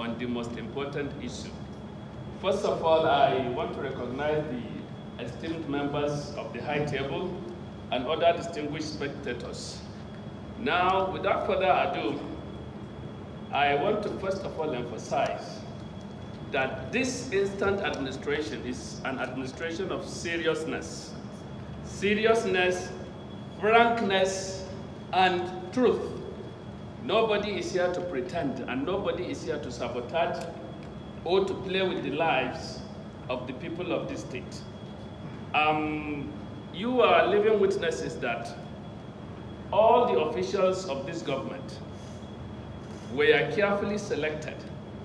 on the most important issue. First of all, I want to recognize the esteemed members of the High Table and other distinguished spectators. Now, without further ado, I want to first of all emphasize that this instant administration is an administration of seriousness. Seriousness, frankness, and truth. Nobody is here to pretend and nobody is here to sabotage or to play with the lives of the people of this state. Um, you are living witnesses that all the officials of this government were carefully selected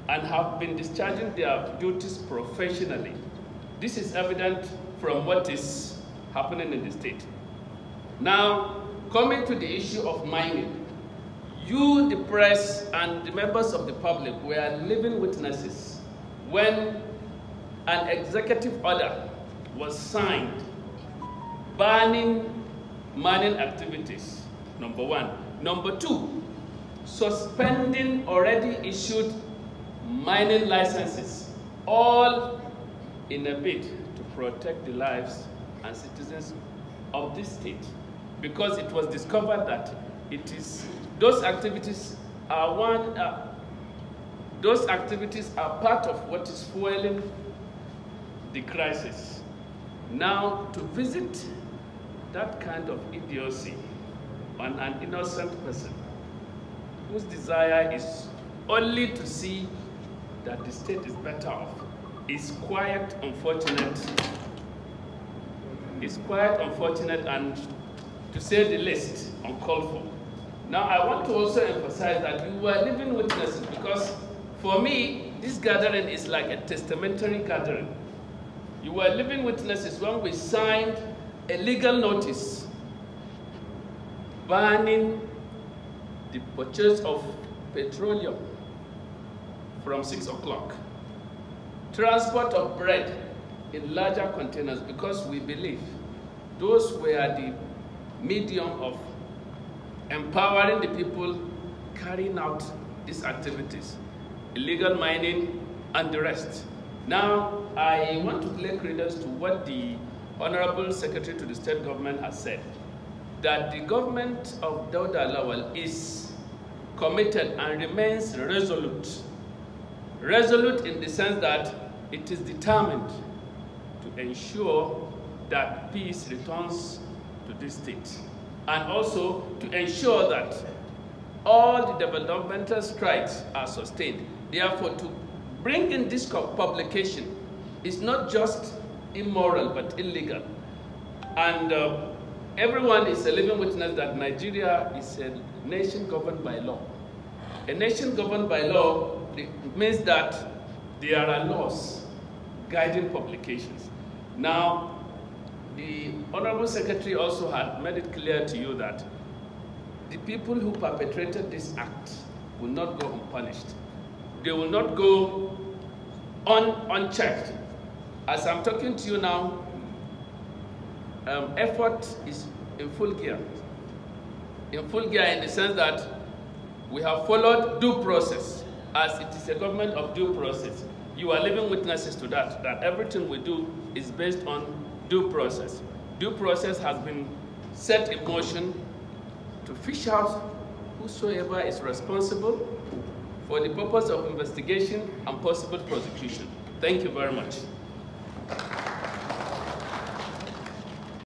and have been discharging their duties professionally. This is evident from what is happening in the state. Now, coming to the issue of mining, you, the press, and the members of the public were living witnesses when an executive order was signed banning mining activities, number one. Number two, suspending already issued mining licenses, all in a bid to protect the lives and citizens of this state because it was discovered that it is those activities are one uh, those activities are part of what is fueling the crisis now to visit that kind of idiocy on an innocent person whose desire is only to see that the state is better off is quite unfortunate. It's quite unfortunate and to say the least, uncalled for. Now, I want to also emphasize that we were living witnesses because for me, this gathering is like a testamentary gathering. You were living witnesses when we signed a legal notice banning the purchase of petroleum from 6 o'clock, transport of bread in larger containers because we believe those were the medium of empowering the people carrying out these activities, illegal mining and the rest. Now, I want to lay credence to what the Honorable Secretary to the State Government has said, that the government of Dauda Lawal is committed and remains resolute. Resolute in the sense that it is determined to ensure that peace returns to this state. And also to ensure that all the developmental strides are sustained. Therefore, to bring in this publication is not just immoral but illegal. And uh, everyone is a living witness that Nigeria is a nation governed by law. A nation governed by law means that there are laws guiding publications. Now, Honorable Secretary also had made it clear to you that the people who perpetrated this act will not go unpunished. They will not go un unchecked. As I'm talking to you now, um, effort is in full gear. In full gear in the sense that we have followed due process as it is a government of due process. You are living witnesses to that, that everything we do is based on due process due process has been set in motion to fish out whosoever is responsible for the purpose of investigation and possible prosecution. Thank you very much.